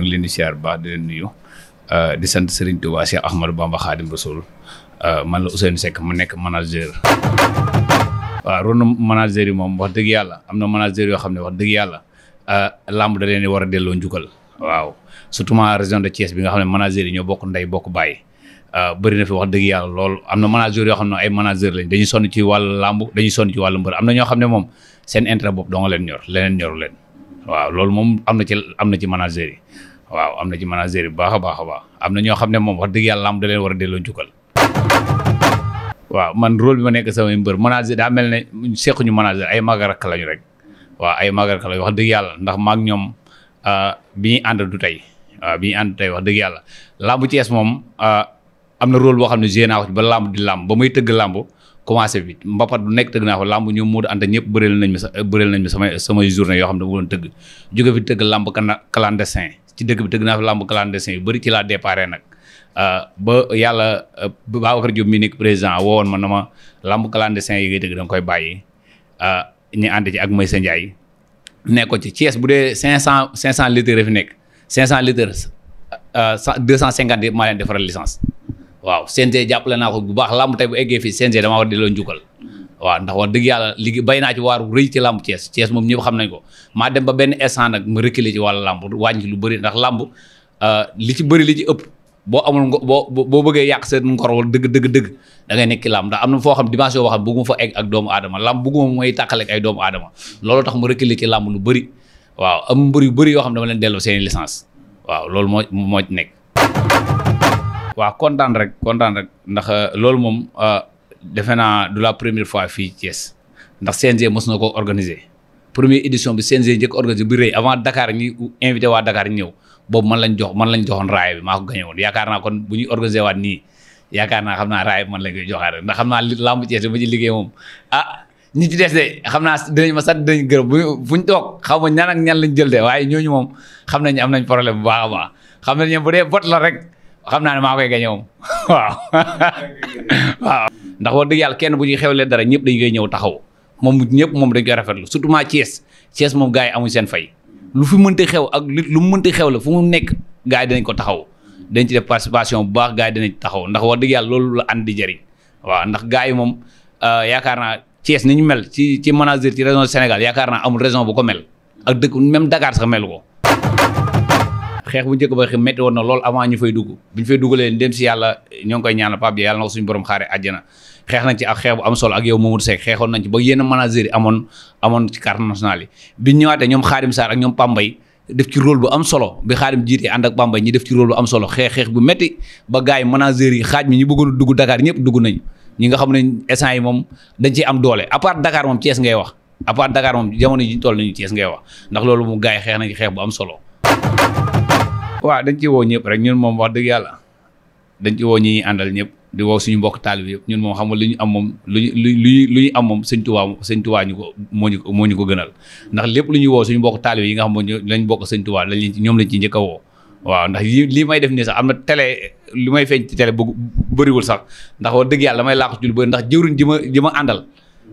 ñu ngi leen di siyaar baax di leen nuyu euh, di sant Serigne Touba Cheikh Ahmadou Bamba Khadim Rasoul euh, man la Ousseynou Seck mu nekk manager. waaw ronu manager yi moom wax dëgg yàlla am na manager yoo xam ne dëgg yàlla euh, làmb da leen war a delloo njukkal. waaw surtout ma région de Thiès bi nga xam ne manager yi ñoo bokk ndey bokk bàyyi bëri fi wax dëgg yàlla lool am na manager yoo xam ne ay manager lañ dañuy sonn ci wàllu làmb dañuy sonn ci wàllu mbër am na ñoo xam ne moom seen intérêt bopp doo nga leen ñor leneen ñoru leen waaw loolu moom yi waaw am na ci manager bu baax a baax a baax am na ñoo xam ne moom wax dëgg yàlla lamb da leen war a delloo njukkal waaw man rôle bi nekk samay mbër manager daa mel ne seequ ñu manager ay mag lañu rek waaw ay mag rakk wax dëgg yàlla ndax maag ñoom ah, bi ñuy ànd du tey waaw bi ñuy wax dëgg yàlla lamb Cees moom ah, am na rôle boo xam ne joué naa ko ba lamb di lamb ba muy tëgg lamb commencé bi mbapat bu nekk tëgg lamb ñoom Modou Anta ñëpp bëreel nañ ma bëreel nañ ma samay samay journée yoo xam ne bu doon tëgg jóge fi tëgg lamb calendestin ci dëkk bi tëgg naa fi làmb clandestin yu bëri ci laa déparé nag euh, ba yàlla euh, Babacar Diop mi nekk président woowoon ma na ma làmb clandestin yi ngay dëgg da nga koy bàyyi euh, ñu ànd ci ak Maysa Ndiaye nekk ko ci Thiès bu dee cinq cent cinq cent litres fi nekk cinq cent litres deux cent cinquante maa leen defaral licence waaw CNG jàppale naa ko bu baax làmb tey bu eggee fii CNG damaa war di la njukkal waaw ndax wax dëgg yàlla liggéey bay naa ci waaru rëy ci làmb Thiès Thiès moom ñëpp xam nañ ko maa dem ba benn instant nag ma reculer ci wàllu làmb wàññi lu bëri ndax làmb euh, li ci bëri li ci ëpp boo amul ngo boo boo bëggee yàq seen ngor wala dëgg dëgg dëgg da ngay nekk ci làmb ndax am na foo xam dimension ba xam bëgguma fa egg ak doomu aadama làmb bëgguma mooy tàqale ak ay doomu aadama loolu tax ma reculer ci làmb lu bëri waaw am mbër yu bari yoo xam dama leen delloo seen licence waaw loolu moo moo ci nekk waaw kontaan rek kontaan euh, defe naa du la première fois fii Thiès ndax CNG mos na ko organiser première édition bi CNG jëkk organisé bu rëy avant Dakar ñi invité waa Dakar ñëw boobu man lañ jox man lañ joxoon raaya bi maa woon yaakaar naa kon bu ñuy organisé nii yaakaar naa xam naa raaya bi man lañ koy joxaat rek ndax xam naa lamb Thiès ba ci liggéey moom ah ñi ci des de xam naa dinañ ma sax dinañ gërëm bu fu ñu toog xaw ma ñan ak ñan lañ jël de waaye ñooñu moom xam nañ am nañ problème bu baax a baax xam nañ bu dee bot la rek xam naa ne maa koy gañe moom waaw waaw ndax wax dëgg yàlla kenn bu ñuy xewlee dara ñëpp dañ koy ñëw taxaw moom ñëpp moom dañ koy rafetlu surtout maa Thiès Thiès moom gars seen fay lu fi mënti xew ak lu mu mënti xew la fu mu nekk gars yi ko taxaw dañ ci def participation bu baax gars yi dinañ taxaw ndax wax dëgg yàlla loolu la ànd di waaw ndax gars yi moom euh, yaakaar naa Thiès ni ñu mel ci ci manager ci région Sénégal yaakaar naa amul région bu ko mel ak dëkk même Dakar sax melu ko xeex bu njëkk ba xeex metti woon na lool avant ñu fay dugg bu ñu fay dem si yàlla ñoo ngi koy ñaanal Pape Dieng yàlla na ko suñu borom xaare àjjana xeex nañ ci ak xeex bu am solo ak yow Mamadou Seck xeexoon nañ ci ba yenn manager amoon ci carte nationale bi ñu ñëwaatee ñoom Xaadim Sarr ak ñoom Pambay def ci rôle bu am solo bi Xaadim jiite ànd ak Pambay ñi def ci rôle bu am solo xeex xeex bu métti ba gars yi manager yi xaaj mi ñu bëggoon dugg Dakar ñëpp dugg nañu ñi nga xam ne essence yi moom dañ ciy am doole à part Dakar moom Thiès ngay wax à part Dakar moom jamono ji toll nañu Thiès ngay wax ndax loolu moom gars yi xeex nañ ci xeex bu am solo waaw dañ ci woo ñëpp rek ñun moom wax dëgg yàlla dañ ci woo ñi di woo suñu mbokk taalib yëpp ñun moom xam nga li ñu am moom lu ñu lu lu ñu am moom sëñ Tuubaa sëñ Tuubaa ñu ko moo ñu moo ñu ko gënal ndax lépp lu ñuy woo suñu mbokk taalibe yi nga xam ne lañ bokk sëñ Tuubaa lañ ñoom lañ ci njëkk a woo waaw ndax lii lii may def nii sax am na tele lu may feeñ ci télé bu bëriwul sax ndax wax dëgg yàlla damay laax ci lu bëri ndax jëwriñ ji ma ji ma àndal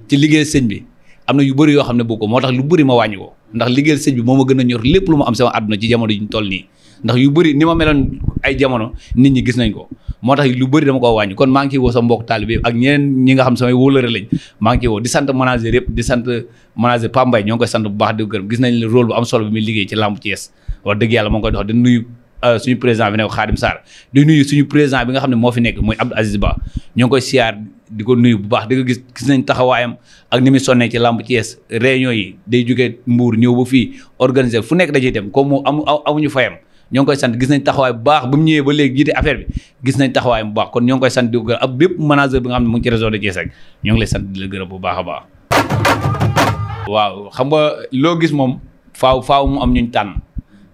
ci liggéey sëñ bi am na yu bëri yoo xam ne bu ko moo tax lu bëri ma wàññi ndax liggéey së bi moo ma gën a ñor lépp lu ma am sama àdduna ci jamono ñu toll nii ndax yu bëri ni ma meloon ay jamono nit ñi gis nañ ko moo tax lu bëri dama ko wàññi kon maa ngi ciy woo sa mbokk taalibe ak ñeneen ñi nga xam samay wóolare lañ maa ngi ciy woo di sant manager yëpp di sant manager Pambay ñoo ngi koy sant bu baax di ko gërëm gis nañ le rôle bu am solo bi muy liggéey ci làmb ci Thiès wax dëgg moo ngi koy dox di nuyu euh, suñu président bi nekk Khadim Sarr suñu président bi nga xam ne moo fi nekk mooy Abdou Aziz Ba ñoo ngi koy siyaar di ko nuyu bu baax di ko gis gis nañ taxawaayam ak ni muy sonnee ci làmb Thiès réunion yi day jógee Mbour ñëw ba fii organiser fu nekk dañuy dem comme amu amuñu fayam ñoo ngi koy sant gis nañ taxawaay bu baax bu mu ñëwee ba léegi jiite affaire bi gis nañ taxawaay bu baax kon ñoo ngi koy sant di ko gërëm ak bépp manager bi ne mu ngi ci réseau de Thiès rek ñoo ngi lay bu baax a baax waaw xam nga loo gis moom faaw faaw mu am ñuñ tànn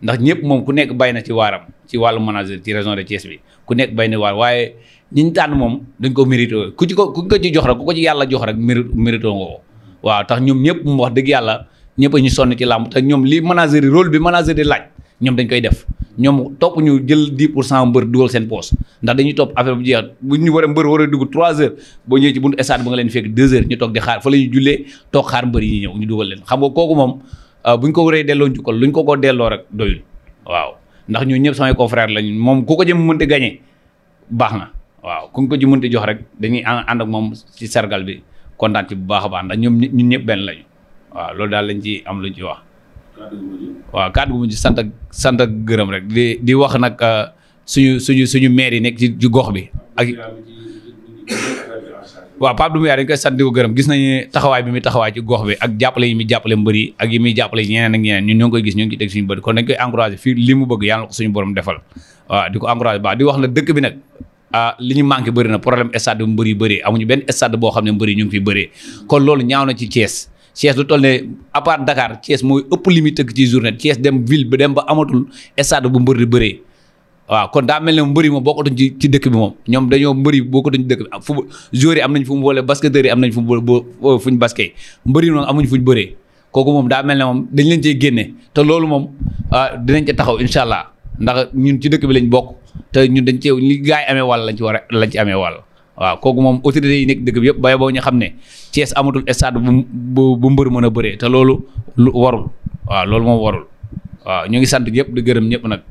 ndax ñëpp moom ku nekk bay na ci waaram ci wàllu manager ci région de Thiès bi ku nekk bay na waar waaye ñi ñu tànn moom dañ ko mérité ku ci ko ku ko ci jox rek ku ko ci yàlla jox rek mérité nga ko waaw tax ñoom ñëpp mu wax dëgg yàlla ñëpp ñu sonn ci làmb te ñoom li manager rôle bi manager laaj ñoom dañ koy def ñoom topp ñu jël 10 pour cent mbër dugal seen pos ndax dañuy topp affaire bu jeex bu ñu war a mbër war a dugg 3 heures boo ñëwee ci buntu stade ba nga leen fekk 2 heures ñu toog di xaar fa la ñuy jullee toog xaar mbër yi ñëw ñu dugal leen xam nga kooku moom ah, bu ñu ko waree delloo njukkal lu ñu ko ko delloo rek doyul waaw ndax ñoo ñëpp samay confrère lañ moom ku ko jëm mënta gagné baax na waaw ku ko ci mënta jox rek dañuy ànd ak moom ci sargal bi kontaan bu baax a baax ndax ñoom ñun ñëpp benn lañu waaw loolu daal lañ ci am luñ ci wax waaw kàddu gu mujj sant ak sant ak gërëm rek di di wax nag euh, suñu suñu suñu maire yi nekk ci ci gox bi ak. waaw Pape Doumbia dañ koy sant di ko gërëm gis nañu taxawaay bi muy taxawaay ci gox bi ak jàppale yi mu jàppale mbër yi ak yi muy jàppale ñeneen ak ñeneen ñu ñoo koy gis ñu ngi teg suñu bët kon dañ koy encouragé fi li mu bëgg yàlla ko suñu borom defal waaw di ko encouragé baax di wax na dëkk bi nag ah li ñu manqué bëri na problème stade bu mbër yi bëri amuñu benn stade boo xam ne mbër ñu ngi fi bëree kon loolu ñaaw na ci Thiès Thiès lu toll ne à part Dakar mooy ëpp li muy tëgg ci journée Thiès dem ville bi dem ba amatul stade bu mbër di bëree waaw kon daa mel ne mbëri moom bokkatuñ ci ci dëkk bi moom ñoom dañoo mbëri bokkatuñ ci dëkk bi fu joueurs yi am nañ fu mu boole basketteurs yi am nañ fu mu boole fuñ basket mbëri moom amuñ fuñ bëree kooku moom daa mel ne moom dañ lañ cee génne te loolu moom ah, dinañ ca taxaw incha allah ndax ñun ci dëkk bi lañ bokk te ñun dañ cee li gars yi amee wàll lañ ci war a lañ ci amee walla waaw kooku moom autorité yi nekk dëkk bi yëpp bay boo ñu xam ne Thiès amatul stade bu bu mbër mën a bëree te loolu lu warul waaw loolu moom warul waaw ñu ngi sant ñëpp di gërëm ñëpp nag